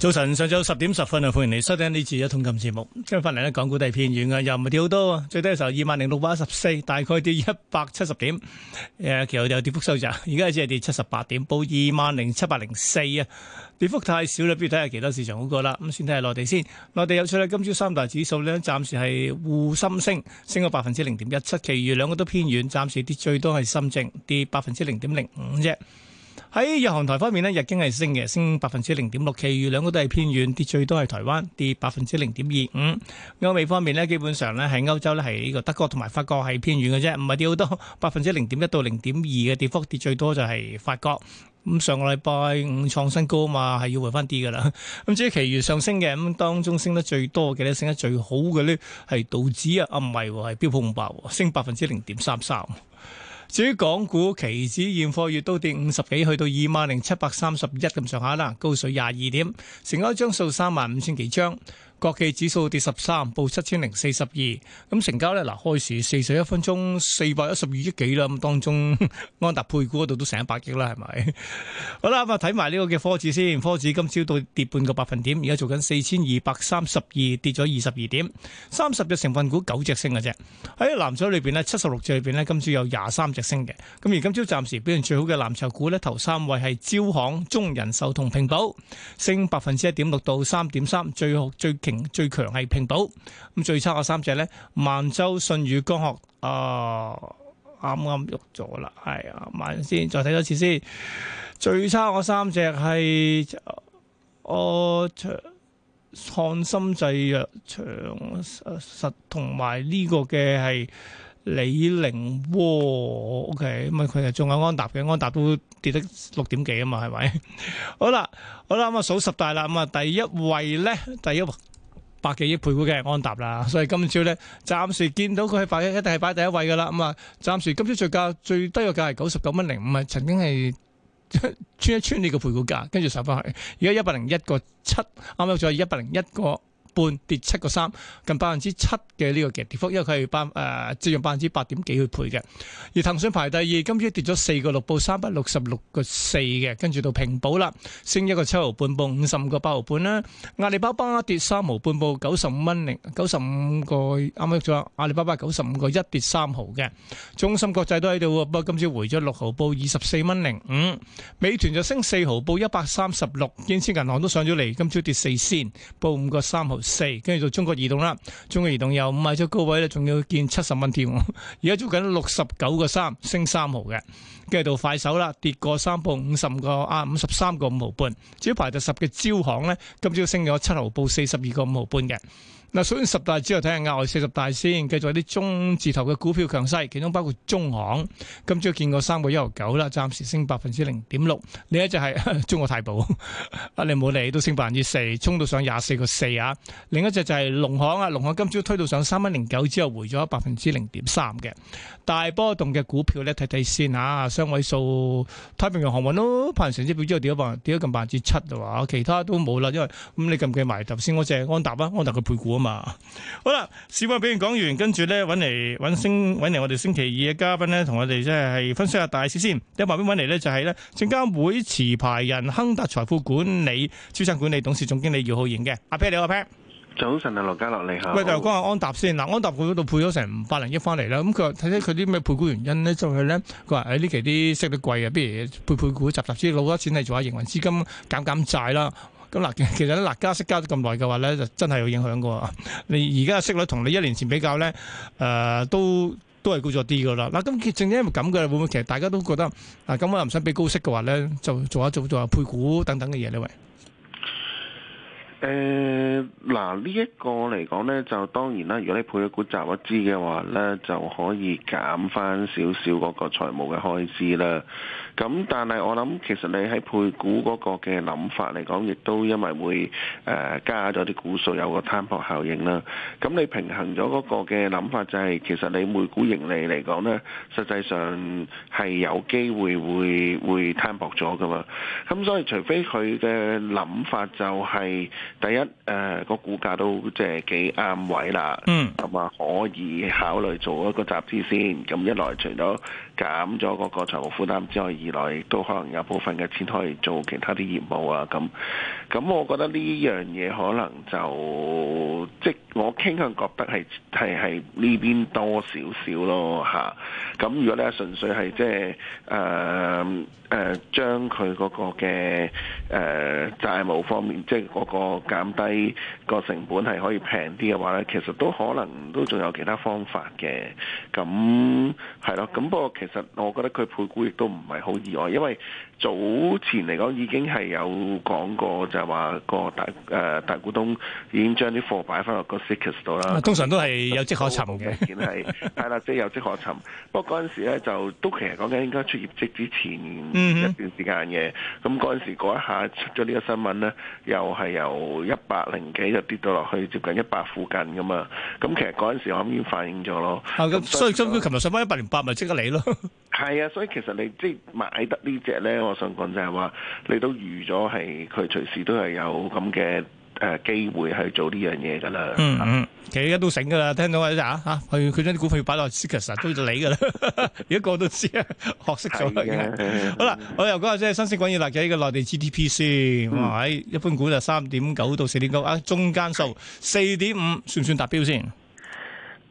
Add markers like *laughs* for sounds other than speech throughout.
早晨，上晝十點十分啊，歡迎嚟收聽呢次一桶金節目。今日翻嚟咧，港股都係偏軟嘅，又唔係跌好多。最低嘅時候二萬零六百一十四，大概跌一百七十點。誒，其後又跌幅收窄，而家只係跌七十八點，報二萬零七百零四啊。跌幅太少啦，不如睇下其他市場好過啦。咁先睇下內地先。內地有趣咧，今朝三大指數咧，暫時係滬深升，升咗百分之零點一七，其餘兩個都偏軟，暫時跌最多係深證跌百分之零點零五啫。喺日韓台方面咧，日經係升嘅，升百分之零點六，其餘兩個都係偏軟，跌最多係台灣，跌百分之零點二五。嗯、歐美方面咧，基本上咧係歐洲咧係呢個德國同埋法國係偏軟嘅啫，唔係跌好多，百分之零點一到零點二嘅跌幅，跌最多就係法國。咁上個禮拜五創新高啊嘛，係要回翻啲噶啦。咁至於其餘上升嘅，咁當中升得最多嘅咧，升得最好嘅呢係道指啊，唔係、啊，係標普五百，升百分之零點三三。至於港股期指現貨月都跌五十幾，去到二萬零七百三十一咁上下啦，高水廿二點，成交張數三萬五千幾張。國企指數跌十三，報七千零四十二。咁成交呢，嗱開市四十一分鐘四百一十二億幾啦。咁當中安達配股嗰度都成一百億啦，係咪？好啦，咁啊睇埋呢個嘅科指先。科指今朝到跌半個百分點，而家做緊四千二百三十二，跌咗二十二點。三十隻成分股九隻升嘅啫。喺藍籌裏邊呢，七十六隻裏邊呢，今朝有廿三隻升嘅。咁而今朝暫時表現最好嘅藍籌股呢，頭三位係招行、中人壽同平保，升百分之一點六到三點三，最最。最強係平保。咁最差嗰三隻咧，萬洲信宇江學啊，啱啱喐咗啦。係啊，慢先，再睇多次先。最差嗰三隻係，我長翰森製藥、長實同埋呢個嘅係李寧窩，OK，咁啊佢係仲有安踏嘅，安踏都跌得六點幾啊嘛，係咪？好啦，好啦，咁啊數十大啦，咁啊第一位咧，第一。百幾億配股嘅安踏啦，所以今朝咧暫時見到佢係排一定係排第一位噶啦，咁啊，暫時今朝最高最低嘅價係九十九蚊零五啊，曾經係 *laughs* 穿一穿呢個配股價，跟住上翻去。而家一百零一個七，啱啱仲有一百零一個，半跌七個三，近百分之七嘅呢個嘅跌幅，因為佢係半誒只用百分之八點幾去配嘅。而騰訊排第二，今朝跌咗四個六，報三百六十六個四嘅，跟住到平保啦，升一個七毫半，報五十五個八毫半啦。阿里巴巴跌三毫半，報九十五蚊零九十五個，啱啱喐咗。阿里巴巴九十五個一跌三毫嘅，中芯國際都喺度，不過今朝回咗六毫，報二十四蚊零五。美團就升四毫，報一百三十六。建設銀行都上咗嚟，今朝跌四仙，報五個三毫四，跟住到中國移動啦，中國移動由五萬出高位咧，仲要見七十蚊添。而家做緊六十九個三，升三毫嘅。跟住到快手啦，跌過三半五十個啊，五十三個五毫半。至於排第十嘅招行咧，今朝升咗七毫，毫，報四十二個五毫半嘅。嗱，所以十大之後睇下額外四十大先。繼續有啲中字頭嘅股票強勢，其中包括中行，今朝見過三個一毫九啦，暫時升百分之零點六。另一隻係中國太保，阿你冇理都升百分之四，衝到上廿四個四啊！另一隻就係農行啊，農行今朝推到上三蚊零九之後，回咗百分之零點三嘅大波動嘅股票咧睇睇先嚇，雙位數太平洋航運咯，派成績表之後跌咗百跌咗近百分之七啊嘛，其他都冇啦，因為咁你計唔計埋頭先？嗰隻安踏。啊，安踏嘅配股啊嘛。好啦，市況表現講完，跟住咧揾嚟揾星揾嚟，我哋星期二嘅嘉賓咧，同我哋即係分析下大市先。喺旁邊揾嚟呢，就係呢證監會持牌人亨達財富管理資產管理董事總經理姚浩然嘅阿 Peter，你好，阿 Peter 早晨啊，羅家樂嚟吓，你喂，就講下安踏先嗱，安踏佢嗰度配咗成八零億翻嚟啦。咁佢睇睇佢啲咩配股原因咧，就係、是、咧，佢話喺呢期啲息率貴啊，不如配配股，集集資攞多錢嚟做下營運資金，減減債啦。咁嗱，其實啲辣加息加咗咁耐嘅話咧，就真係有影響噶。你而家嘅息率同你一年前比較咧，誒、呃，都都係高咗啲噶啦。嗱，咁正，正因為咁嘅，會唔會其實大家都覺得啊，咁我又唔想俾高息嘅話咧，就做一下就做一下做一下配股等等嘅嘢呢喂。誒嗱呢一個嚟講呢，就當然啦。如果你配咗股集一資嘅話呢，就可以減返少少嗰個財務嘅開支啦。咁但係我諗，其實你喺配股嗰個嘅諗法嚟講，亦都因為會誒、呃、加咗啲股數，有個攤薄效應啦。咁你平衡咗嗰個嘅諗法、就是，就係其實你每股盈利嚟講呢，實際上係有機會會會攤薄咗㗎嘛。咁所以除非佢嘅諗法就係、是。第一，誒、呃、個股價都即係幾啱位啦，嗯，同埋可以考慮做一個集資先。咁一來除咗。減咗嗰個財務負擔之外，二來亦都可能有部分嘅錢可以做其他啲業務啊，咁咁，我覺得呢樣嘢可能就即我傾向覺得係係係呢邊多少少咯嚇。咁、啊、如果你純粹係即係誒誒將佢嗰個嘅誒、呃、債務方面，即係嗰個減低個成本係可以平啲嘅話咧，其實都可能都仲有其他方法嘅。咁係咯，咁不過其實。其實我覺得佢配股亦都唔係好意外，因為早前嚟講已經係有講過，就係話個大誒大股東已經將啲貨擺翻落個 CCASS 度啦。通常都係有跡可尋嘅，係係啦，即係有跡可尋。不過嗰陣時咧就都其實講緊應該出業績之前一段時間嘅。咁嗰陣時嗰一下出咗呢個新聞咧，又係由一百零幾就跌到落去接近一百附近㗎嘛。咁其實嗰陣時我諗已經反映咗、嗯嗯、咯。咁，所以咁佢琴日上翻一百零八咪即刻嚟咯。係啊，所以其實你即係買得呢隻咧，我想講就係話你都預咗係佢隨時都係有咁嘅誒機會去做呢樣嘢噶啦。嗯嗯，其實而家都醒噶啦，聽到啊吓佢佢將啲股票擺落斯科斯都就理噶啦，而家個都知啊，學識咗嘅。好啦，我又講下即係新息滾熱辣嘅呢個內地 GDP 先，哇，喺一般股就三點九到四點九啊，中間數四點五算唔算達標先？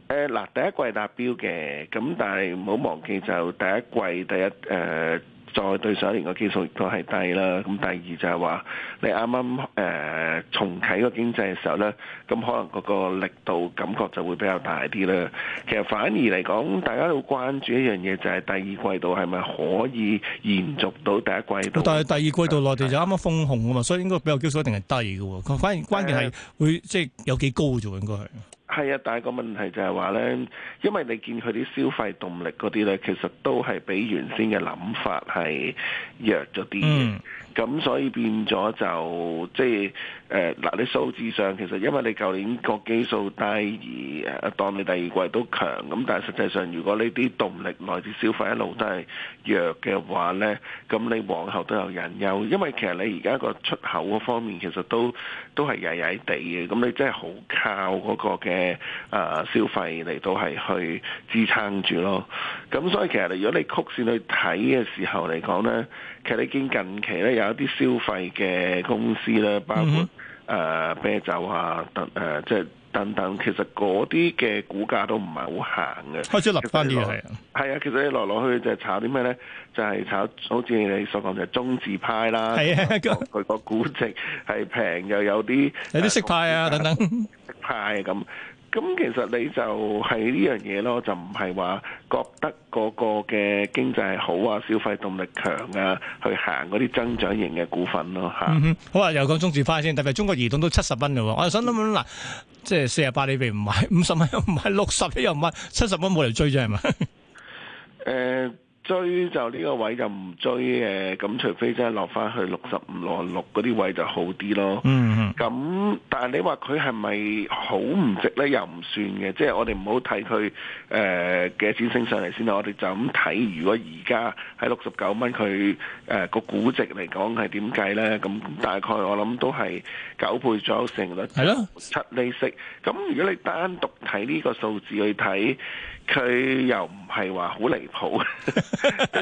誒嗱，第一季達標嘅，咁但係唔好忘記就第一季第一誒、呃，再對上一年嘅基數都係低啦。咁第二就係話，你啱啱誒重啟個經濟嘅時候咧，咁可能嗰個力度感覺就會比較大啲啦。其實反而嚟講，大家都關注一樣嘢就係第二季度係咪可以延續到第一季度？但係第二季度內地就啱啱封控啊嘛，所以應該比較基數一定係低㗎喎。反而關鍵係、呃、會即係有幾高啫喎，應該係。係啊，但係個問題就係話咧，因為你見佢啲消費動力嗰啲咧，其實都係比原先嘅諗法係弱咗啲。嗯咁所以變咗就即係誒嗱，你數字上其實因為你舊年個基數低而當你第二季都強，咁但係實際上如果呢啲動力來自消費一路都係弱嘅話咧，咁你往後都有隱憂，因為其實你而家個出口嗰方面其實都都係曳曳地嘅，咁你真係好靠嗰個嘅誒消費嚟到係去支撐住咯。咁所以其實如果你曲線去睇嘅時候嚟講咧。其實你見近期咧有一啲消費嘅公司咧，包括誒、嗯哼呃、啤酒啊，等誒即係等等。其實嗰啲嘅股價都唔係好行嘅，開始落翻啲係啊。係啊，其實你落落去，去就係炒啲咩咧？就係、是、炒好似你所講就係中字派啦，啊，佢 *laughs* 個估值係平又有啲 *laughs* 有啲息派啊、嗯、等等息派咁。 *laughs* 咁其實你就係呢樣嘢咯，就唔係話覺得嗰個嘅經濟好啊，消費動力強啊，去行嗰啲增長型嘅股份咯嚇、嗯。好啊，又講中字花先，特別係中國移動都七十蚊㗎喎，我又想諗諗嗱，即係四十八你未唔買，五十蚊又唔買，六十蚊又唔買，七十蚊冇人追啫係咪？誒。追就呢個位就唔追誒，咁除非真係落翻去六十五、六十六嗰啲位就好啲咯。嗯嗯。咁但係你話佢係咪好唔值呢？又唔算嘅，即係我哋唔好睇佢誒幾錢升上嚟先啦。我哋就咁睇，如果而家喺六十九蚊，佢誒個估值嚟講係點計呢？咁大概我諗都係九倍左右成率，係咯，七釐息。咁如果你單獨睇呢個數字去睇，佢又唔係話好離譜。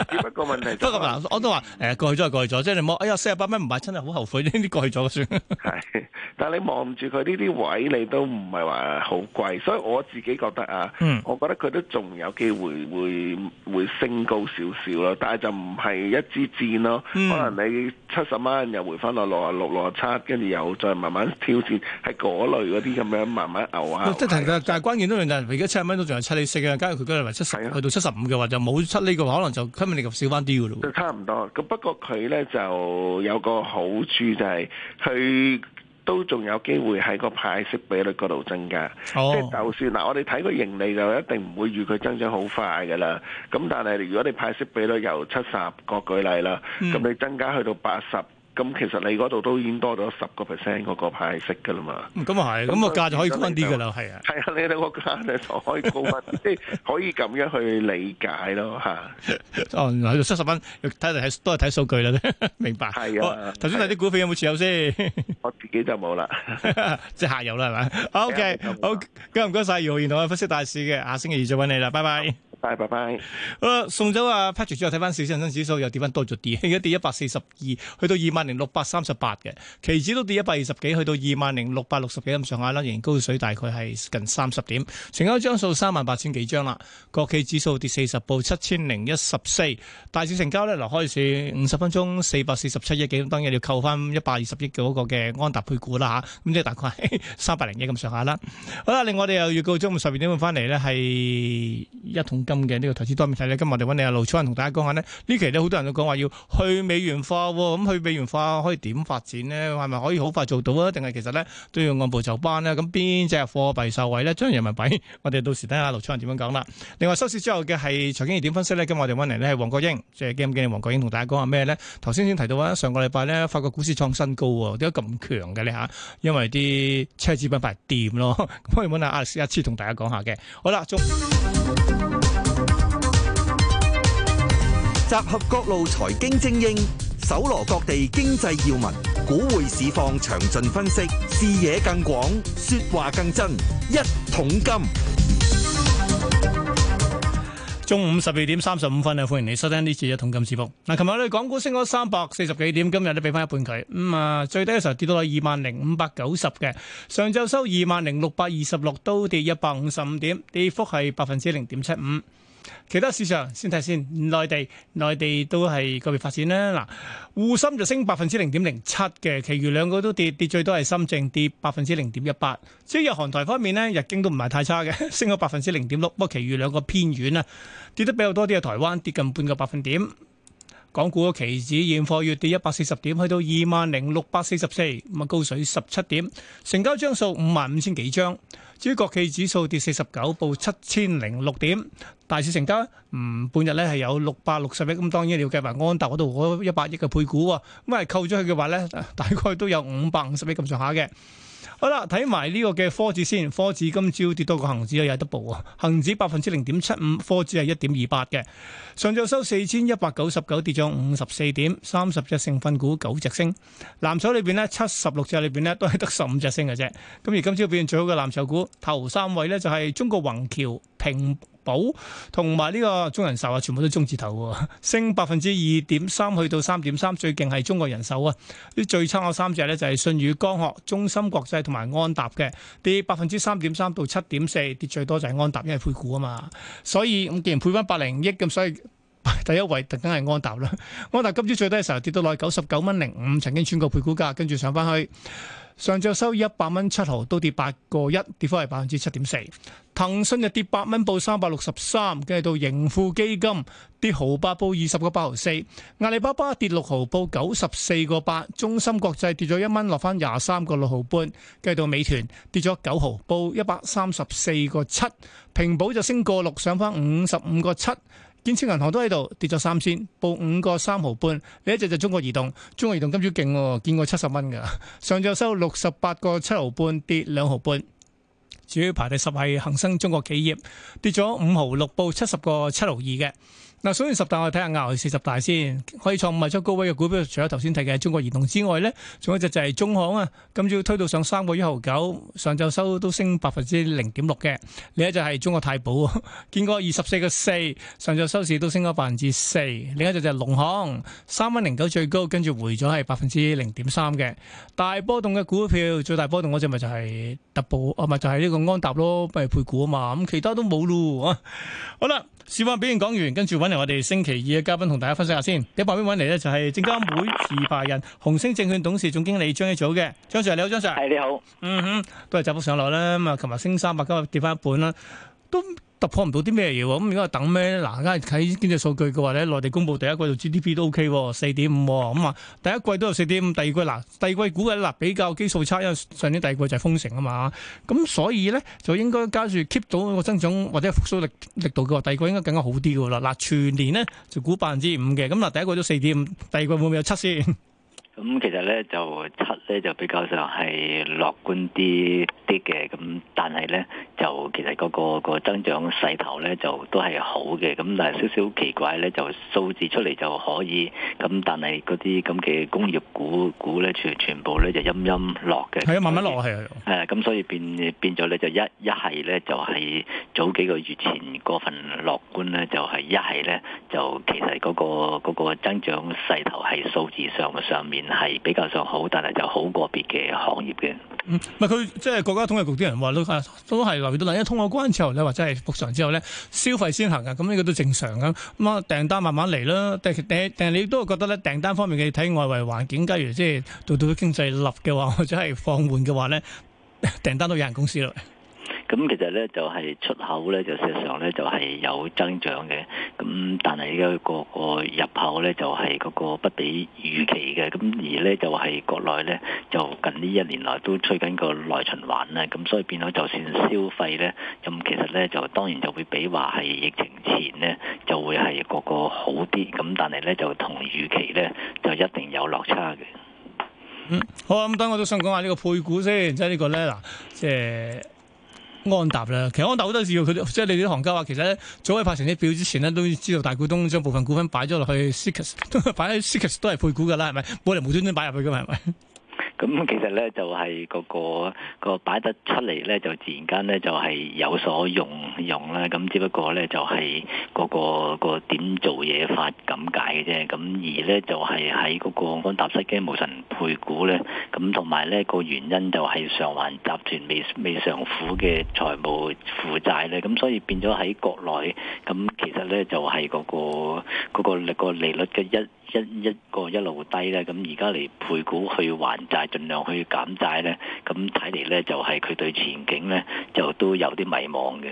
只不過問題，不過嗱，我都話誒，過去咗就過去咗，即係你摸，哎呀，四十八蚊唔買，真係好後悔，呢啲過去咗算。係，但係你望住佢呢啲位，你都唔係話好貴，所以我自己覺得啊，嗯，我覺得佢都仲有機會會會升高少少咯，但係就唔係一支箭咯，可能你七十蚊又回翻落六啊六六啊七，跟住又再慢慢挑戰，係嗰類嗰啲咁樣慢慢牛啊。即係但係關鍵都係，而家七十蚊都仲係七釐四嘅，假如佢今日賣七十，去到七十五嘅話就冇七釐嘅話。可能就今年嚟就少翻啲噶咯，差唔多。咁不過佢咧就有個好處就係，佢都仲有機會喺個派息比率嗰度增加。即係、oh。就算嗱，我哋睇個盈利就一定唔會預佢增長好快噶啦。咁但係如果你派息比率由七十個舉例啦，咁、mm。你增加去到八十。咁其實你嗰度都已經多咗十個 percent 嗰個派息噶啦嘛，咁啊係，咁、嗯、個、嗯嗯嗯、價就可以高啲噶啦，係啊，係啊，你哋個價咧就可以高翻啲， *laughs* 可以咁樣去理解咯嚇。 *laughs* 哦，原來七十蚊，睇嚟睇都係睇數據啦，明白。係 *laughs* 白啊，頭先睇啲股票有冇持有先？ *laughs* 我自己就冇啦，即係下游啦，係咪？OK，好，多謝唔該晒。姚浩然同我分析大市嘅，下星期二再揾你啦，拜拜。拜拜拜！啊 Bye，送走阿、啊、Patrick，再睇翻小市恒生指數又跌翻多咗啲，而家跌一百四十二，去到二萬零六百三十八嘅，期指都跌一百二十幾，去到二萬零六百六十幾咁上下啦，仍然高水大概係近三十點，成交張數三萬八千幾張啦，國企指數跌四十步，七千零一十四，大市成交咧，嗱開市五十分鐘四百四十七億幾，當然要扣翻一百二十億嘅嗰個嘅安踏配股啦吓，咁、啊、即係大概係三百零億咁上下啦。好啦，另外我哋又預告中午十二點半翻嚟咧，係一桶。今嘅呢個投資多面睇咧，今日我哋揾你阿、啊、盧超人同大家講下呢，呢期咧好多人都講話要去美元化，咁、啊、去美元化可以點發展呢？係咪可以好快做到啊？定係其實咧都要按部就班咧？咁邊隻貨幣受惠咧？將人民幣，我哋到時睇下盧超人點樣講啦。另外收市之後嘅係財經熱點分析呢。今日我哋揾嚟呢係黃國英，即係基金經理黃國英同大家講下咩呢？頭先先提到啊，上個禮拜呢，法國股市創新高喎，點解咁強嘅呢？嚇？因為啲奢侈品牌掂咯，幫你問下阿斯亞次同大家講下嘅。好啦，集合各路財經精英，搜羅各地經濟要聞，股匯市況詳盡分析，視野更廣，說話更真。一桶金，中午十二點三十五分啊！歡迎你收聽呢次一桶金市報。嗱，琴日我哋港股升咗三百四十幾點，今日都俾翻一半佢。咁啊，最低嘅時候跌到去二萬零五百九十嘅，上晝收二萬零六百二十六，都跌一百五十五點，跌幅係百分之零點七五。其他市場先睇先，內地內地都係個別發展啦。嗱，滬深就升百分之零點零七嘅，其餘兩個都跌跌，最多係深證跌百分之零點一八。至於日韓台方面呢，日經都唔係太差嘅，升咗百分之零點六。不過其餘兩個偏遠啊，跌得比較多啲嘅，台灣跌近半個百分點。港股個期指現貨月跌一百四十點，去到二萬零六百四十四，咁啊高水十七點，成交張數五萬五千幾張。至於國企指數跌四十九，報七千零六點。大市成交唔半日咧係有六百六十億咁，當然要計埋安踏嗰度攞一百億嘅配股，咁啊扣咗去嘅話咧，大概都有五百五十億咁上下嘅。好啦，睇埋呢個嘅科指先，科指今朝跌多個恒指啊，有得補啊。恒指百分之零點七五，科指係一點二八嘅。上晝收四千一百九十九，跌咗五十四點，三十隻成分股九隻升。藍籌裏邊呢，七十六隻裏邊呢都係得十五隻升嘅啫。咁而今朝表現最好嘅藍籌股，頭三位呢，就係中國宏橋、平。保同埋呢個中人壽啊，全部都中字頭喎，升百分之二點三去到三點三，最勁係中國人壽啊！啲最差嘅三隻咧就係舜宇光學、中芯國際同埋安踏嘅跌百分之三點三到七點四，跌最多就係安踏，因為配股啊嘛。所以咁既然配翻八零億咁，所以第一位特登係安踏啦。安踏今朝最低嘅時候跌到落九十九蚊零五，曾經穿過配股價，跟住上翻去。上晝收一百蚊七毫，都跌八個一，跌幅係百分之七點四。騰訊就跌八蚊，報三百六十三。跟住到盈富基金跌毫八，報二十個八毫四。阿里巴巴跌六毫，報九十四個八。中芯國際跌咗一蚊，落翻廿三個六毫半。跟住到美團跌咗九毫，報一百三十四個七。平保就升個六，上翻五十五個七。建設銀行都喺度跌咗三仙，報五個三毫半。另一隻就中國移動，中國移動今朝勁喎，見過七十蚊嘅，上晝收六十八個七毫半，跌兩毫半。主要排第十係恒生中國企業，跌咗五毫六，報七十個七毫二嘅。嗱，所以十大我哋睇下牛牛四十大先，可以創五萬出高位嘅股票，除咗頭先睇嘅中國移動之外咧，仲有一隻就係中行啊，今要推到上三個一毫九，上晝收都升百分之零點六嘅。另一隻就係中國太保啊，見過二十四個四，上晝收市都升咗百分之四。另一隻就係農行三蚊零九最高，跟住回咗係百分之零點三嘅。大波動嘅股票最大波動嗰隻咪就係特步，啊咪就係呢個安踏咯，咪配股啊嘛，咁其他都冇咯。好啦。示範表演講完，跟住揾嚟我哋星期二嘅嘉賓同大家分享下先。喺旁邊揾嚟咧就係證監會持牌人、紅星證券董事總經理張一祖嘅。張 Sir 你好，張 Sir。係你好，嗯哼，都係窄幅上落啦。咁啊，琴日升三百，今日跌翻一半啦，都。突破唔到啲咩嘢喎？咁而家等咩咧？嗱，梗係睇經濟數據嘅話咧，內地公布第一季度 GDP 都 OK，四點五。咁啊，第一季都有四點五，第二季嗱，第二季估計嗱比較基數差，因為上年第二季就係封城啊嘛。咁所以咧就應該加住 keep 到個增長或者復蘇力力度嘅話，第二季應該更加好啲噶啦。嗱，全年咧就估百分之五嘅。咁嗱，第一季都四點五，第二季會唔會有七先？咁、嗯、其實咧就七咧就比較上係樂觀啲啲嘅，咁但係咧就其實嗰、那個、那個增長勢頭咧就都係好嘅，咁但係少少奇怪咧就數字出嚟就可以，咁但係嗰啲咁嘅工業股股咧全全部咧就陰陰落嘅。係啊，慢慢落係啊，誒咁所以變變咗咧就一一係咧就係、是、早幾個月前嗰份樂觀咧就係、是、一係咧就其實嗰、那個嗰、那個那個增長勢頭係數字上嘅上面。係比較上好，但係就好過別嘅行業嘅。唔係佢即係國家統計局啲人話都係留意到啦。一通過關之後咧，或者係復常之後咧，消費先行嘅，咁呢個都正常咁。咁啊，訂單慢慢嚟啦。但係你都會覺得咧，訂單方面嘅睇外圍環境，假如即係到到經濟立嘅話，或者係放緩嘅話咧，訂單都有限公司啦。咁其實咧就係、是、出口咧就事實上咧就係、是、有增長嘅，咁但係而家個個入口咧就係、是、嗰個不比預期嘅，咁而咧就係、是、國內咧就近呢一年來都吹緊個內循環啦，咁所以變咗就算消費咧咁其實咧就當然就會比話係疫情前咧就會係個個好啲，咁但係咧就同預期咧就一定有落差嘅、嗯。好，咁等我都想講下呢個配股先，即係呢個咧嗱，即、呃、係。安踏啦，其實安踏好多時，佢即係你哋啲行家話，其實咧，早喺拍成績表之前咧，都知道大股東將部分股份擺咗落去 s e e k 都係配股㗎啦。係咪冇人無端端擺入去㗎嘛，係咪？咁其實咧就係嗰個嗰個擺得出嚟咧，就自然間咧就係有所用用啦。咁只不過咧就係嗰個嗰個點做嘢法咁解嘅啫。咁而咧就係喺嗰個安踏失驚無神配股咧，咁同埋咧個原因就係上環集團未未上府嘅財務負債咧，咁所以變咗喺國內，咁其實咧就係嗰個嗰個利率嘅一一一個一路低咧，咁而家嚟配股去還債，盡量去減債咧，咁睇嚟咧就係佢對前景咧就都有啲迷茫嘅。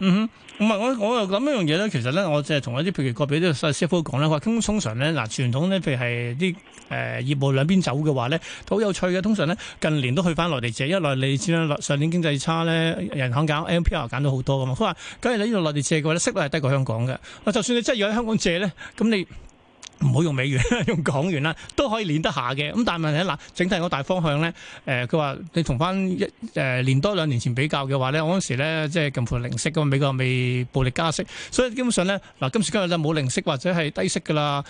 嗯哼，咁啊，我我又諗一樣嘢咧，其實咧，我就係同一啲，譬如個別啲師傅講咧，佢、呃、話：咁通常咧，嗱傳統咧，譬如係啲誒業務兩邊走嘅話咧，好有趣嘅。通常咧，近年都去返內地借一嚟你知啦。上年經濟差咧，銀行揀 MPL 揀到好多噶嘛。佢話：梗係喺呢度內地借嘅話咧，息率係低過香港嘅。就算你真係要喺香港借咧，咁你。唔好用美元，用港元啦，都可以練得下嘅。咁但係問題嗱，整體我大方向咧，誒、呃，佢話你同翻一誒、呃，年多兩年前比較嘅話咧，我嗰時咧即係近乎零息噶嘛，美國未暴力加息，所以基本上咧嗱，今時今日就冇零息或者係低息噶啦，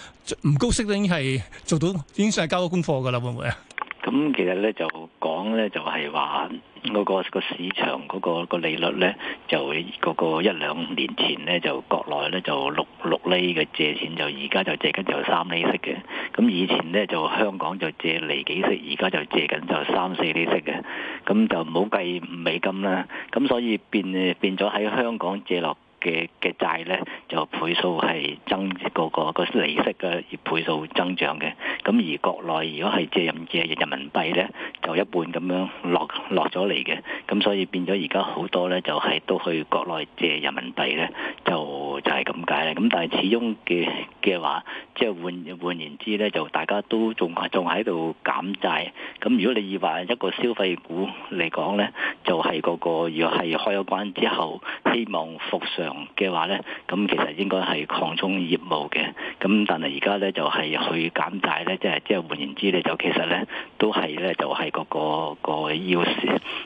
唔高息都已經係做到，已經算係交咗功課噶啦，會唔會啊？咁其實咧就講咧就係、是、話。嗰個市場嗰個利率咧，就嗰個一兩年前咧，就國內咧就六六厘嘅借錢，就而家就借緊就三厘息嘅。咁以前咧就香港就借厘幾息，而家就借緊就三四厘息嘅。咁就唔好計五美金啦。咁所以變變咗喺香港借落。嘅嘅債咧就倍數係增個個個利息嘅倍數增長嘅，咁而國內如果係借人借人民幣咧，就一半咁樣落落咗嚟嘅，咁所以變咗而家好多咧就係、是、都去國內借人民幣咧，就就係咁解啦。咁但係始終嘅嘅話，即係換換言之咧，就大家都仲仲喺度減債。咁如果你要話一個消費股嚟講咧，就係、是、個，個，如果係開咗關之後，希望復上。嘅話咧，咁其實應該係擴充業務嘅，咁但係而家咧就係去減債咧，即係即係換言之咧，就其實咧都係咧、那個，就係個個要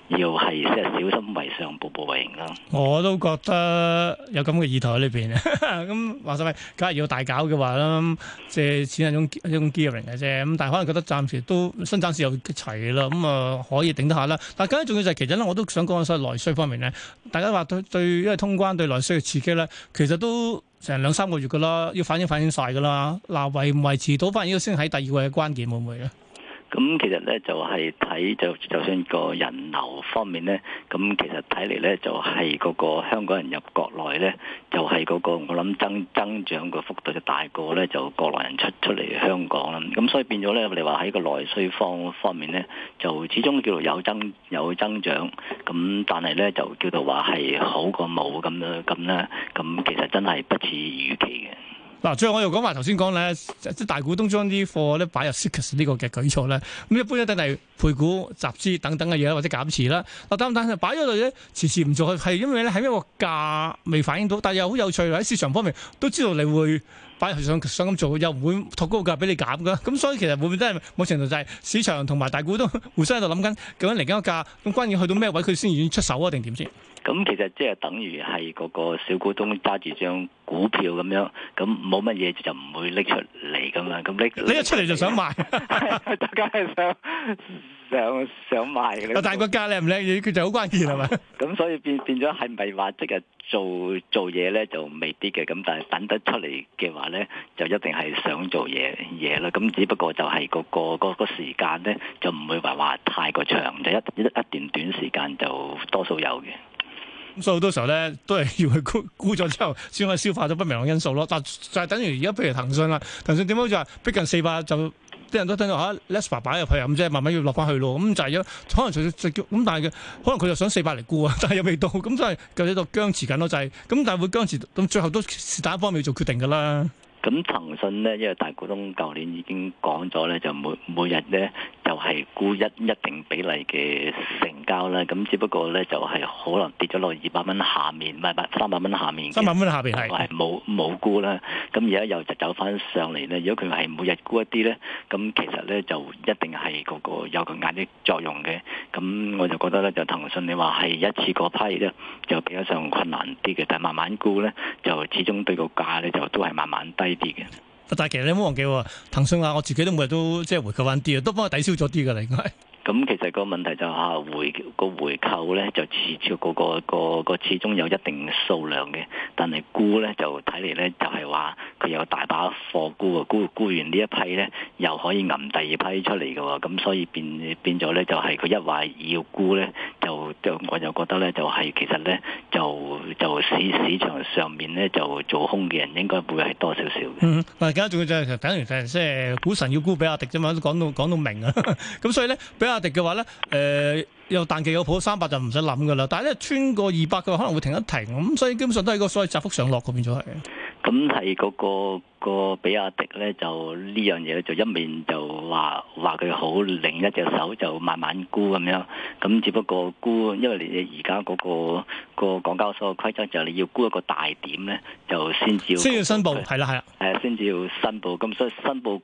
要係即係小心為上，步步為營啦。我都覺得有咁嘅意圖喺呢邊，咁話曬咪，梗係要大搞嘅話啦，借錢係種係種 gearing 嘅啫。咁但係可能覺得暫時都新產線又齊啦，咁啊可以頂得下啦。但更加重要就係其實咧，我都想講下先內需方面咧，大家話對對，因為通關對內需。跟住刺激咧，其實都成兩三個月噶啦，要反映反映晒噶啦。嗱，維唔維持到翻呢個先係第二個嘅關鍵，會唔會咧？好咁其實咧就係、是、睇就就算個人流方面咧，咁其實睇嚟咧就係、是、嗰個香港人入國內咧，就係、是、嗰、那個我諗增增長個幅度就大過咧就國內人出出嚟香港啦。咁所以變咗咧，你話喺個內需方方面咧，就始終叫做有增有增長。咁但係咧就叫做話係好過冇咁啦咁啦，咁其實真係不似預期嘅。嗱，最後我又講埋頭先講咧，即係大股東將啲貨咧擺入 CCASS 呢個嘅舉措咧，咁一般一定係配股集資等等嘅嘢，或者減持啦。嗱，但係擺咗落去咧，遲遲唔做嘅係因為咧，喺一個價未反映到，但係又好有趣。喺市場方面都知道你會擺上上咁做，又唔會托高價俾你減嘅，咁所以其實會唔會真係某程度就係市場同埋大股東呵呵互相喺度諗緊究竟嚟緊個價？咁關鍵去到咩位佢先願意出手啊？定點先？咁其實即係等於係嗰個小股東揸住張股票咁樣，咁冇乜嘢就唔會拎出嚟噶嘛。咁拎，你一出嚟就想賣，大家係想想想賣嘅啦。啊，但係個價靚唔靚嘢，佢就好關鍵係嘛。咁所以變變咗係咪話即係做做嘢咧就未必嘅咁，但係等得出嚟嘅話咧就一定係想做嘢嘢啦。咁只不過就係、嗰個個個、嗰個時間咧就唔會話話太過長，就一一段短時間就多數有嘅。咁所以好多時候咧，都係要去沽沽咗之後，先可以消化咗不明朗因素咯。但就係等於而家，譬如騰訊啦，騰訊點解好似話逼近四百就啲人都聽到吓，less 八擺入去咁即啫，啊、in, 慢慢要落翻去咯。咁、嗯、就係、是、因可能除粹就叫咁，但係佢可能佢就想四百嚟沽啊，但係又未到，咁所以就喺、是、度僵持緊咯。就係、是、咁，但係會僵持，咁最後都是一方面做決定噶啦。咁騰訊咧，因為大股東舊年已經講咗咧，就每每日咧就係、是、沽一一定比例嘅成交啦。咁只不過咧就係、是、可能跌咗落二百蚊下面，唔係三百蚊下面，三百蚊下邊係冇冇沽啦。咁而家又就走翻上嚟咧。如果佢係每日沽一啲咧，咁其實咧就一定係嗰個有個壓力作用嘅。咁我就覺得咧，就騰訊你話係一次過批咧就比較上。但係慢慢高咧，就始終對個價咧，就都係慢慢低啲嘅。但係其實你唔好忘記，騰訊啊，我自己都每日都即係回購翻啲啊，都幫我抵消咗啲嘅喇，應該係。咁其實個問題就係、啊、回個回購咧就遲超個個個,個始終有一定數量嘅，但係沽咧就睇嚟咧就係話佢有大把貨沽。啊沽沽完呢一批咧又可以攬第二批出嚟嘅喎，咁所以變變咗咧就係、是、佢一話要沽咧就就我就覺得咧就係、是、其實咧就就市市場上面咧就做空嘅人應該會係多少少嘅。嗯，但係而家仲要就係、是、等於即係股神要沽畀阿迪啫嘛，都講到講到明啊，咁 *laughs* 所以咧下跌嘅話咧，誒、呃、又彈企個盤三百就唔使諗噶啦。但係咧，穿過二百嘅話，可能會停一停咁，所以基本上都係個所謂窄幅上落，個邊咗係。咁係嗰個、嗰個嗰個比亞迪咧，就呢樣嘢就一面就話話佢好，另一隻手就慢慢沽咁樣。咁只不過沽，因為你而家嗰個、嗰個港交所嘅規則就係你要沽一個大點咧，就先至要。需要申報，係啦係啦。誒，先至要申報。咁所以申報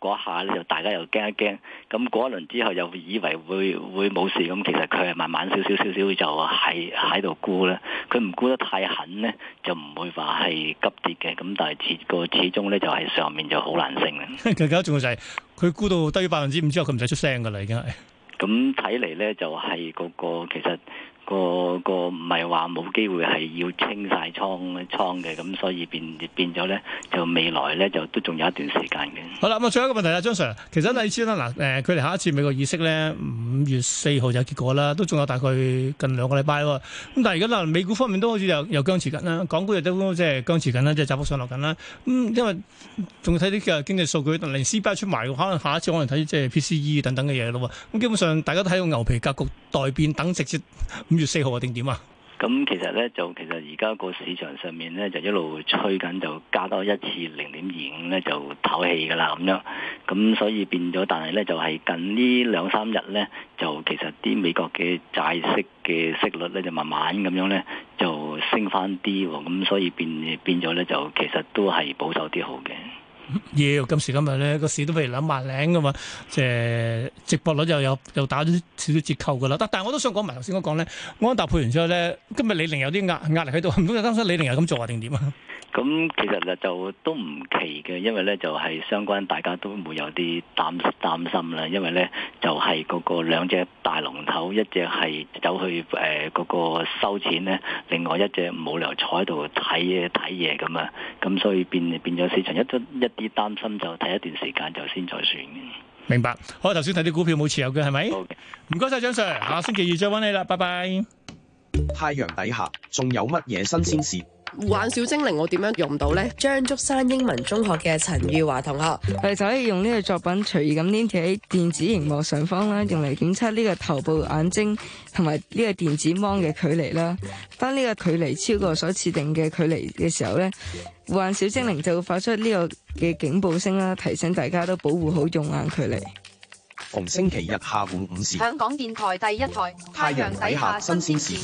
嗰下咧，就大家又驚一驚。咁嗰輪之後又以為會會冇事，咁其實佢係慢慢少少少少，少就喺喺度沽咧。佢唔沽得太狠咧，就唔會話係急跌。嘅咁，但係始個始終咧就係上面就好難升嘅。更加重要就係佢估到低於百分之五之後，佢唔使出聲㗎喇，已經係。咁睇嚟咧，就係嗰個其實。個個唔係話冇機會係要清晒倉倉嘅，咁所以變變咗咧，就未來咧就都仲有一段時間嘅。好啦，咁啊，最後一個問題啦，張 Sir，其實第二次啦，嗱，誒、呃，佢哋下一次美國議息咧，五月四號就有結果啦，都仲有大概近兩個禮拜喎。咁但係而家嗱，美股方面都好似又又僵持緊啦，港股亦都即係僵持緊啦，即係窄幅上落緊啦。咁、嗯、因為仲睇啲嘅經濟數據，連 CPI 出埋，可能下一次可能睇即係 PCE 等等嘅嘢咯。咁基本上大家都睇到牛皮格局待變，等直接。要四號定點啊？咁其實咧就其實而家個市場上面咧就一路吹緊，就加多一次零點二五咧就唞氣噶啦咁樣，咁所以變咗，但係咧就係近呢兩三日咧就其實啲美國嘅債息嘅息率咧就慢慢咁樣咧就升翻啲，咁所以變變咗咧就其實都係保守啲好嘅。要今時今日咧個市都譬如兩萬零嘅嘛，即係直播率又有又打咗少少折扣嘅啦。但係我都想講埋頭先我講咧，安踏配完之後咧，今日李寧有啲壓壓力喺度，唔通你當李寧係咁做啊定點啊？咁其實就都唔奇嘅，因為咧就係相關大家都會有啲擔擔心啦。因為咧就係嗰個兩隻大龍頭，一隻係走去誒嗰個收錢咧，另外一隻冇理由坐喺度睇嘢睇嘢咁啊。咁所以變變咗市場一一。啲擔心就睇一段時間就先再算。明白。好，頭先睇啲股票冇持有嘅係咪？好唔該晒，張 Sir。下星期二再揾你啦，拜拜。太陽底下仲有乜嘢新鮮事？玩小精靈，我點樣用到呢？張竹山英文中學嘅陳玉華同學，佢哋就可以用呢個作品隨意咁粘貼喺電子熒幕上方啦，用嚟檢測呢個頭部眼睛同埋呢個電子芒嘅距離啦。當呢個距離超過所設定嘅距離嘅時候咧。護眼小精靈就會發出呢個嘅警報聲啦，提醒大家都保護好用眼距離。逢星期日下午五時，香港電台第一台《太陽底下新鮮事》。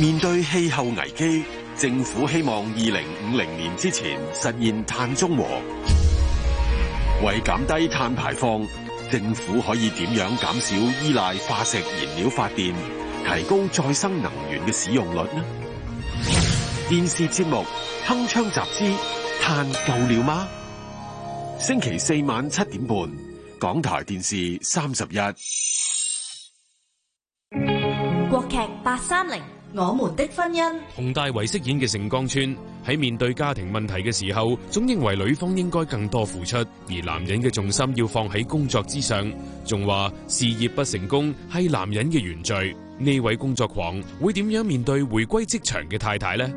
面對氣候危機，政府希望二零五零年之前實現碳中和。為減低碳排放，政府可以點樣減少依賴化石燃料發電，提高再生能源嘅使用率呢？電視節目《鏗鏘集資》，嘆夠了嗎？星期四晚七點半，港台電視三十一國劇八三零，我們的婚姻。洪大為飾演嘅盛江川喺面對家庭問題嘅時候，總認為女方應該更多付出，而男人嘅重心要放喺工作之上，仲話事業不成功係男人嘅原罪。呢位工作狂會點樣面對回歸職場嘅太太呢？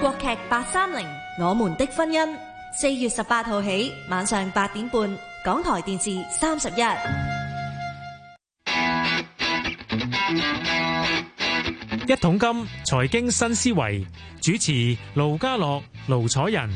國劇八三零我們的婚姻四月十八號起，晚上八點半，港台電視三十一。一桶金財經新思維主持盧家樂、盧彩仁。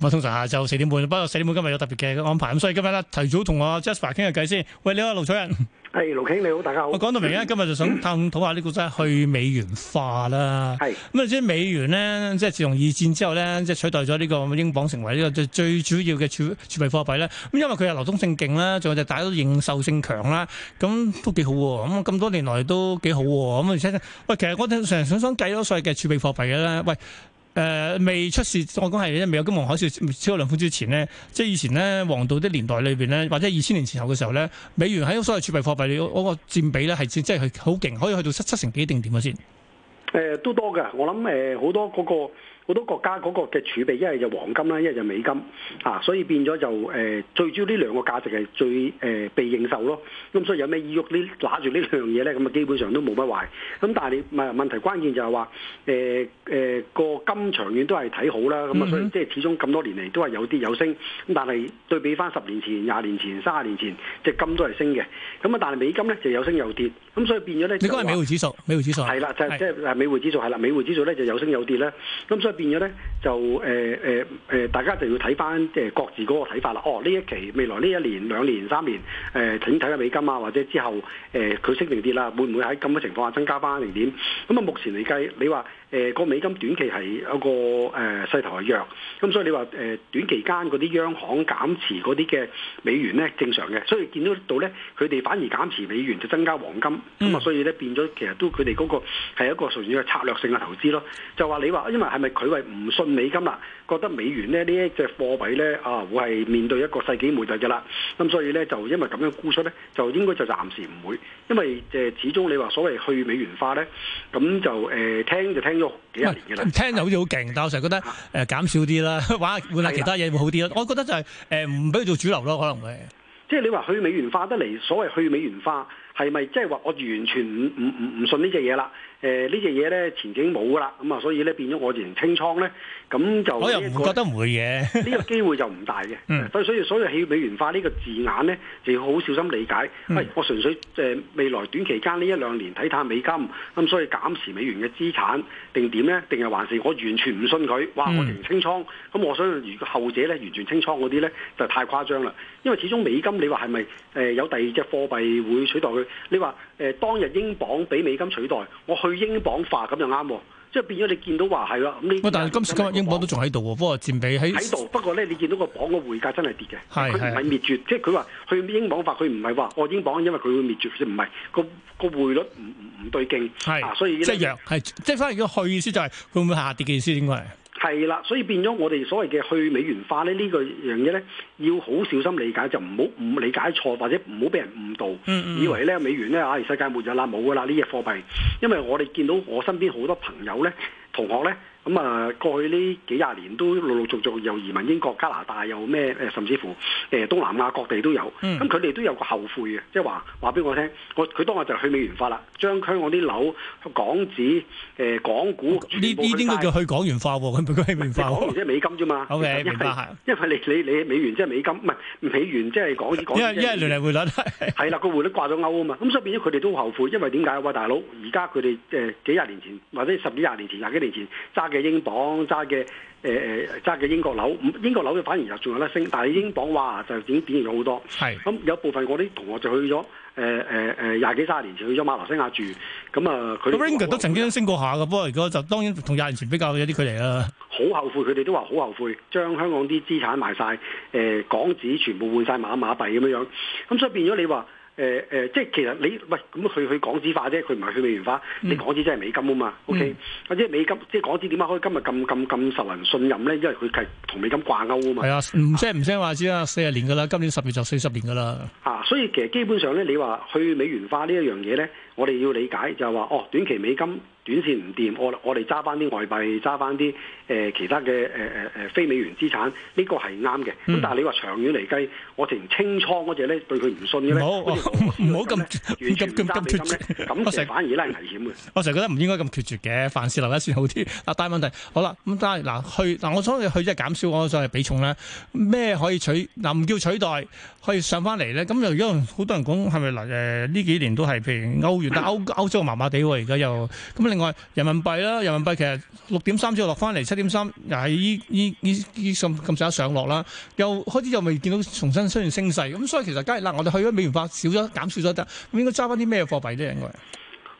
咁通常下晝四點半，不過四點半今日有特別嘅安排，咁所以今日咧提早同我 Jasper 傾下偈先。喂，你好，盧彩仁。係，盧、hey, 兄你好，大家好。我講到明啊，今日就想探討下呢個真係去美元化啦。係，咁 *noise* 啊是、嗯，即係美元咧，即係自從二戰之後咧，即係取代咗呢個英鎊成為呢個最最主要嘅儲儲備貨幣咧。咁因為佢係流通性勁啦，仲有就大家都認受性強啦、啊，咁、嗯、都幾好、啊。咁、嗯、咁多年來都幾好、啊。咁而且喂，其實我哋成日想想計咗所有嘅儲備貨幣嘅咧，喂。誒、呃、未出事，我講係咧未有金黃海嘯超過兩款之前呢，即係以前咧黃道的年代裏邊咧，或者二千年前後嘅時候咧，美元喺所謂儲備貨幣嗰個佔比咧，係即係係好勁，可以去到七七成幾定點嘅先。誒、呃、都多嘅，我諗誒好多嗰、那個。好多國家嗰個嘅儲備，一係就黃金啦，一係就美金，啊，所以變咗就誒、呃，最主要呢兩個價值係最誒、呃、被認受咯。咁所以有咩意喐呢？拿住呢兩樣嘢咧，咁啊基本上都冇乜壞。咁但係你唔係問題，關鍵就係話誒誒個金長遠都係睇好啦。咁啊，所以即係始終咁多年嚟都係有啲有升。咁但係對比翻十年前、廿年前、卅年前，即金都係升嘅。咁啊，但係美金咧就有升有跌。咁所以變咗咧，你講緊美匯指數？美匯指數係、啊、啦，就即、是、係美匯指數係啦，美匯指數咧就有升有跌啦。咁所以變咗咧，就誒誒誒，大家就要睇翻誒各自嗰個睇法啦。哦，呢一期未來呢一年、兩年、三年，誒請睇下美金啊，或者之後誒佢息定跌啦，會唔會喺咁嘅情況下增加翻零點？咁、嗯、啊，目前嚟計，你話。誒、呃、那個美金短期係一個誒勢、呃、頭係弱。咁所以你話誒、呃、短期間嗰啲央行減持嗰啲嘅美元咧，正常嘅，所以見到到咧佢哋反而減持美元就增加黃金，咁、啊，所以咧變咗其實都佢哋嗰個係一個屬於嘅策略性嘅投資咯，就話你話因為係咪佢為唔信美金啊？覺得美元咧呢一隻貨幣咧啊，會係面對一個世紀末就嘅啦。咁所以咧就因為咁樣沽出咧，就應該就暫時唔會，因為即、呃、始終你話所謂去美元化咧，咁就誒、呃、聽就聽咗幾十年嘅啦。聽就好似好勁，但我成日覺得誒、啊呃、減少啲啦，玩換下其他嘢會好啲咯。的我覺得就係誒唔俾佢做主流咯，可能係。即係你話去美元化得嚟，所謂去美元化。係咪即係話我完全唔唔唔唔信、呃、這個、呢隻嘢啦？誒呢隻嘢咧前景冇啦，咁啊所以咧變咗我自然清倉咧，咁就我又唔覺得唔會嘅，呢個機會就唔大嘅。嗯，所以 *laughs* 所以所以去美元化呢個字眼咧，就要好小心理解。喂、嗯嗯哎，我純粹誒、呃、未來短期間呢一兩年睇下美金，咁、嗯、所以減持美元嘅資產定點咧？定係還是我完全唔信佢？哇！我哋停清倉咁，我想如果後者咧完全清倉嗰啲咧就太誇張啦，因為始終美金你話係咪誒有第二隻貨幣會取代佢？你話誒當日英鎊俾美金取代，我去英鎊化咁就啱，即係變咗你見到話係啦。咁呢？但係今時今日英鎊都仲喺度喎，不過佔比喺喺度。不過咧，你見到個鎊個匯價真係跌嘅，佢唔係滅絕，是是是即係佢話去英鎊化，佢唔係話我英鎊，因為佢會滅絕，唔係個個匯率唔唔唔對勁，係是所以即係弱，係即係反而叫去意思就係會唔會下跌嘅意思應該係。係啦，所以變咗我哋所謂嘅去美元化咧，呢個樣嘢咧，要好小心理解，就唔好唔理解錯，或者唔好俾人誤導，mm hmm. 以為咧美元咧啊世界沒有啦，冇噶啦呢隻貨幣，因為我哋見到我身邊好多朋友咧、同學咧。咁啊，過去呢幾廿年都陸陸續續又移民英國、加拿大又咩誒，甚至乎誒東南亞各地都有。咁佢哋都有個後悔嘅，即係話話俾我聽，我佢當日就去美元化啦，將香港啲樓、港紙、誒港股，呢啲、嗯、應該叫去港元化喎，去去美元化。港元即係美金啫嘛。OK。明白。因為你你你，你美元即係美金，唔係美元即係港紙。因為因為聯繫匯率係啦，個匯率掛咗鈎啊嘛。咁所以變咗佢哋都後悔，因為點解？喂大佬，而家佢哋誒幾廿年前或者十幾廿年前、廿幾年前揸英鎊揸嘅誒誒揸嘅英國樓，英國樓咧反而又仲有得升，但係英鎊哇就已經典型咗好多。係咁是、嗯、有部分我啲同學就去咗誒誒誒廿幾三十年前去咗馬來西亞住，咁啊佢，都曾經升過下嘅，不過如果就當然同廿年前比較有啲距離啦。好後悔，佢哋都話好後悔將香港啲資產賣晒，誒、呃、港紙全部換晒馬馬幣咁樣樣，咁、嗯、所以變咗你話。誒誒、呃，即係其實你喂，咁佢去港紙化啫，佢唔係去美元化。你港紙即係美金啊嘛，OK？或者美金，即係港紙點解可以今日咁咁咁受人信任咧？因為佢係同美金掛鈎啊嘛。係啊，唔聲唔聲話知啊，四十年噶啦，今年十月就四十年噶啦。啊，所以其實基本上咧，你話去美元化呢一樣嘢咧。我哋要理解就係話，哦，短期美金短線唔掂，我我哋揸翻啲外幣，揸翻啲誒其他嘅誒誒誒非美元資產，呢個係啱嘅。咁但係你話長遠嚟計，我情清倉嗰隻咧對佢唔信嘅咧，唔好唔好咁完全咁成反而咧危險嘅。我成日覺得唔應該咁決絕嘅，凡事留一線好啲。嗱，但係問題好啦，咁但係嗱去嗱我想去即係減少我個所謂比重咧，咩可以取嗱、啊、唔叫取代，可以上翻嚟咧？咁又如果好多人講係咪嗱誒呢幾年都係譬如歐元？但歐歐洲麻麻地喎，而家又咁，另外人民幣啦，人民幣其實六點三之後落翻嚟七點三，又係依依依依上咁上下上落啦，又開始又未見到重新出現升勢咁，所以其實梗係嗱，我哋去咗美元化少咗，減少咗得，咁應該揸翻啲咩貨幣啫？應該。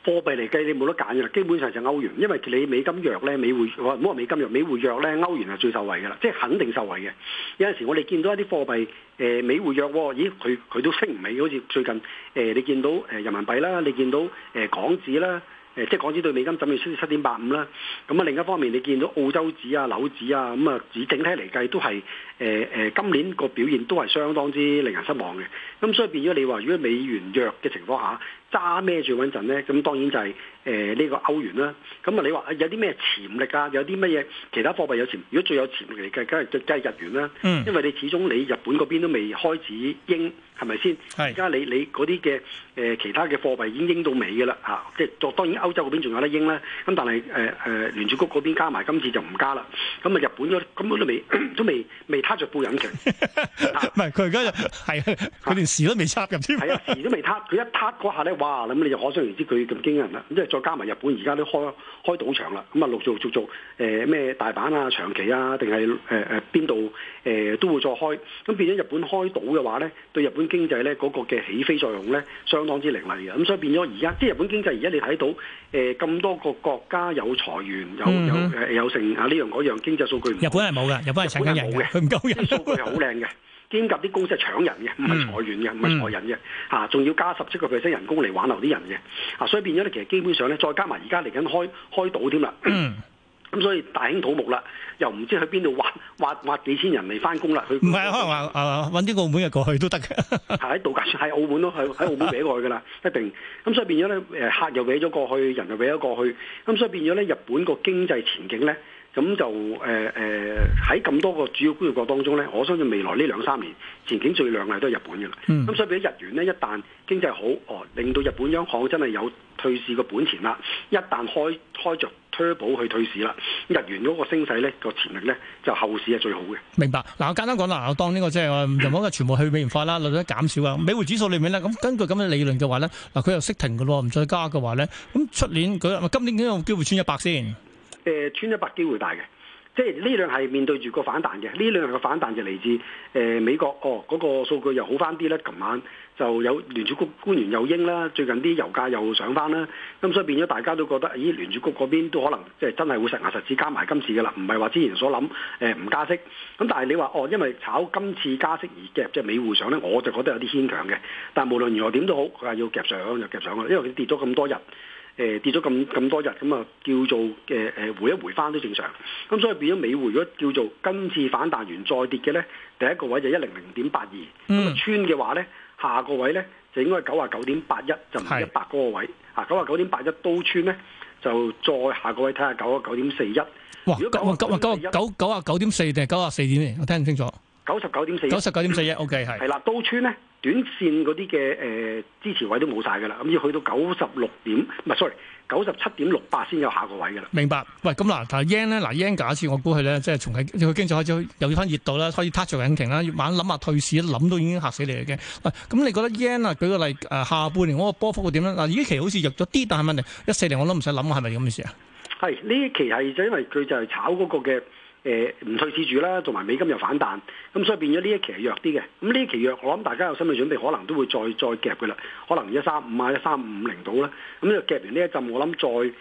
貨幣嚟計，你冇得揀嘅啦，基本上就歐元，因為你美金弱咧，美匯，唔好話美金弱，美匯弱咧，歐元係最受惠嘅啦，即係肯定受惠嘅。有陣時我哋見到一啲貨幣，誒美匯弱喎，咦佢佢都升唔起，好似最近誒你見到誒人民幣啦，你見到誒、呃、港紙啦。誒即係港紙對美金怎樣升至七點八五啦，咁啊另一方面你見到澳洲紙啊、紐紙啊，咁啊以整體嚟計都係誒誒今年個表現都係相當之令人失望嘅。咁所以變咗你話如果美元弱嘅情況下揸咩最穩陣咧？咁當然就係、是。誒呢個歐元啦，咁啊你話有啲咩潛力啊？有啲乜嘢其他貨幣有潛？如果最有潛力嚟計，梗係梗係日元啦，因為你始終你日本嗰邊都未開始應，係咪先？而家、嗯、你你嗰啲嘅誒其他嘅貨幣已經應到，到尾㗎啦嚇，即係作當然歐洲嗰邊仲有得應啦，咁但係誒誒聯儲局嗰邊加埋今次就唔加啦。咁啊日本根本 *laughs* 都未都未未撻着報引擎，唔係佢而家係佢連時都未插入添、 *laughs* 啊，係啊，啊時都未撻，佢一撻嗰下咧，哇！咁你就可想而知佢咁驚人啦，再加埋日本而家都開開賭場啦，咁啊陸續陸續誒咩大阪啊、長期啊，定係誒誒邊度誒都會再開，咁變咗日本開賭嘅話咧，對日本經濟咧嗰個嘅起飛作用咧，相當之凌麗凌厲嘅，咁所以變咗而家即係日本經濟而家你睇到誒咁、呃、多個國家有財源，有有誒有、呃、成啊呢樣嗰樣，樣經濟數據日，日本係冇噶，日本係請緊人嘅，佢唔夠人，數據係好靚嘅。 *laughs* 兼夾啲公司係搶人嘅，唔係裁員嘅，唔係裁人嘅，嚇，仲、嗯、要加十七個 percent 人工嚟挽留啲人嘅，啊，所以變咗咧，其實基本上咧，再加埋而家嚟緊開開賭添啦，咁、嗯、所以大興土木啦，又唔知去邊度挖挖挖幾千人嚟翻工啦，是去唔係啊，可能話揾啲澳門嘅過去都得嘅，喺度假，喺澳門都喺喺澳門搲過去噶啦一定，咁所以變咗咧，誒客又搲咗過去，人又搲咗過去，咁所以變咗咧，日本個經濟前景咧。咁就誒誒喺咁多個主要工業國當中咧，我相信未來呢兩三年前景最亮嘅都係日本嘅啦。咁、嗯、所以俾日元咧，一旦經濟好，哦，令到日本央行真係有退市嘅本錢啦，一旦開開著 turbo 去退市啦，日元嗰個升勢咧個潛力咧就後市係最好嘅。明白嗱，我簡單講啦，我當呢個即係唔好話全部去美元化啦，利率減少啊，美匯指數裏面咧，咁根據咁嘅理論嘅話咧，嗱佢又息停嘅咯，唔再加嘅話咧，咁出年佢今年已經有機會穿一百先。誒穿一百機會大嘅，即係呢兩係面對住個反彈嘅，呢兩個反彈就嚟自誒美國哦，嗰、嗰個數據又好翻啲啦。琴晚就有聯儲局官員又應啦，最近啲油價又上翻啦，咁、嗯、所以變咗大家都覺得，咦聯儲局嗰邊都可能即係真係會實牙實齒加埋今次嘅啦，唔係話之前所諗誒唔加息。咁、嗯、但係你話哦，因為炒今次加息而夾，即係美匯上咧，我就覺得有啲牽強嘅。但係無論如何點都好，佢係要夾上又夾上啦，因為佢跌咗咁多日。誒跌咗咁咁多日，咁啊叫做嘅誒、欸、回一回翻都正常。咁所以變咗美匯如果叫做今次反彈完再跌嘅咧，第一個位就一零零點八二。咁啊穿嘅話咧，下個位咧就應該係九啊九點八一，就唔係一百嗰個位。嚇是，九啊九點八一都穿咧，就再下個位睇下九啊九點四一。哇！如果九啊九啊九啊九九啊九點四定係九啊四點咧？我聽唔清楚。九十九點四一，九十九點四一，OK 係、嗯。係啦，都穿咧，短線嗰啲嘅誒支持位都冇晒㗎啦，咁要去到九十六點，唔、嗯、係 sorry，九十七點六八先有下個位㗎啦。明白？喂，咁嗱，但係 yen 咧，嗱 yen 假設我估佢咧，即係從佢經濟開始又要翻熱度咧，可以 touch 緊停啦，要猛諗下退市，一諗都已經嚇死你嘅。嗱，咁你覺得 yen 啊？舉個例誒，下半年嗰個波幅會點咧？嗱，依期好似弱咗啲，但係問題一四年我諗唔使諗，係咪咁嘅事啊？係呢一期係就因為佢就係炒嗰個嘅誒唔退市住啦，同埋美金又反彈，咁所以變咗呢一期係弱啲嘅。咁呢一期弱，我諗大家有心理準備，可能都會再再夾嘅啦。可能一三五啊，一三五零度啦。咁就夾完呢一陣，我諗再誒、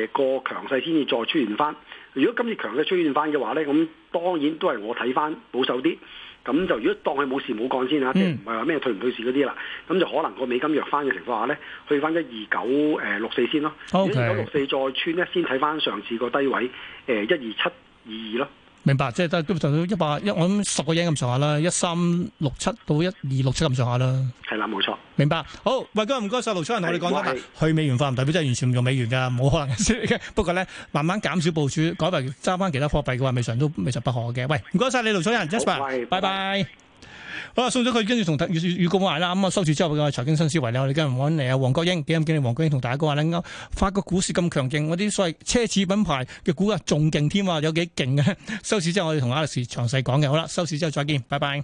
呃、過強勢先至再出現翻。如果今次強勢出現翻嘅話咧，咁當然都係我睇翻保守啲。咁就、嗯、如果當佢冇事冇幹先嚇，即係唔係話咩退唔退市嗰啲啦，咁就可能個美金弱翻嘅情況下咧，去翻一二九誒六四先咯，一二九六四再穿咧，先睇翻上次個低位誒一二七二二咯。呃明白，即係都都做一百一，100, 我諗十個億咁上下啦，一三六七到一二六七咁上下啦。係啦錯，冇錯，明白。好，喂，哥，唔該晒，盧春人同我哋講咗去美元化唔代表真係完全唔用美元噶，冇可能嘅。不過咧，慢慢減少部署，改為揸翻其他貨幣嘅話，未嘗都未嘗不可嘅。喂，唔該晒你，盧春人 Jasper 拜拜。Jessica, 我送咗佢，跟住同特預告話啦。咁啊收市之後嘅財經新思維咧，我哋今日唔揾嚟啊，黃國英，見唔見你黃國英同大家講話咧？啱發個股市咁強勁，我啲所謂奢侈品牌嘅股呀仲勁添啊！有幾勁嘅？收市之後我哋同 Alex 詳細講嘅。好啦，收市之後再見，拜拜。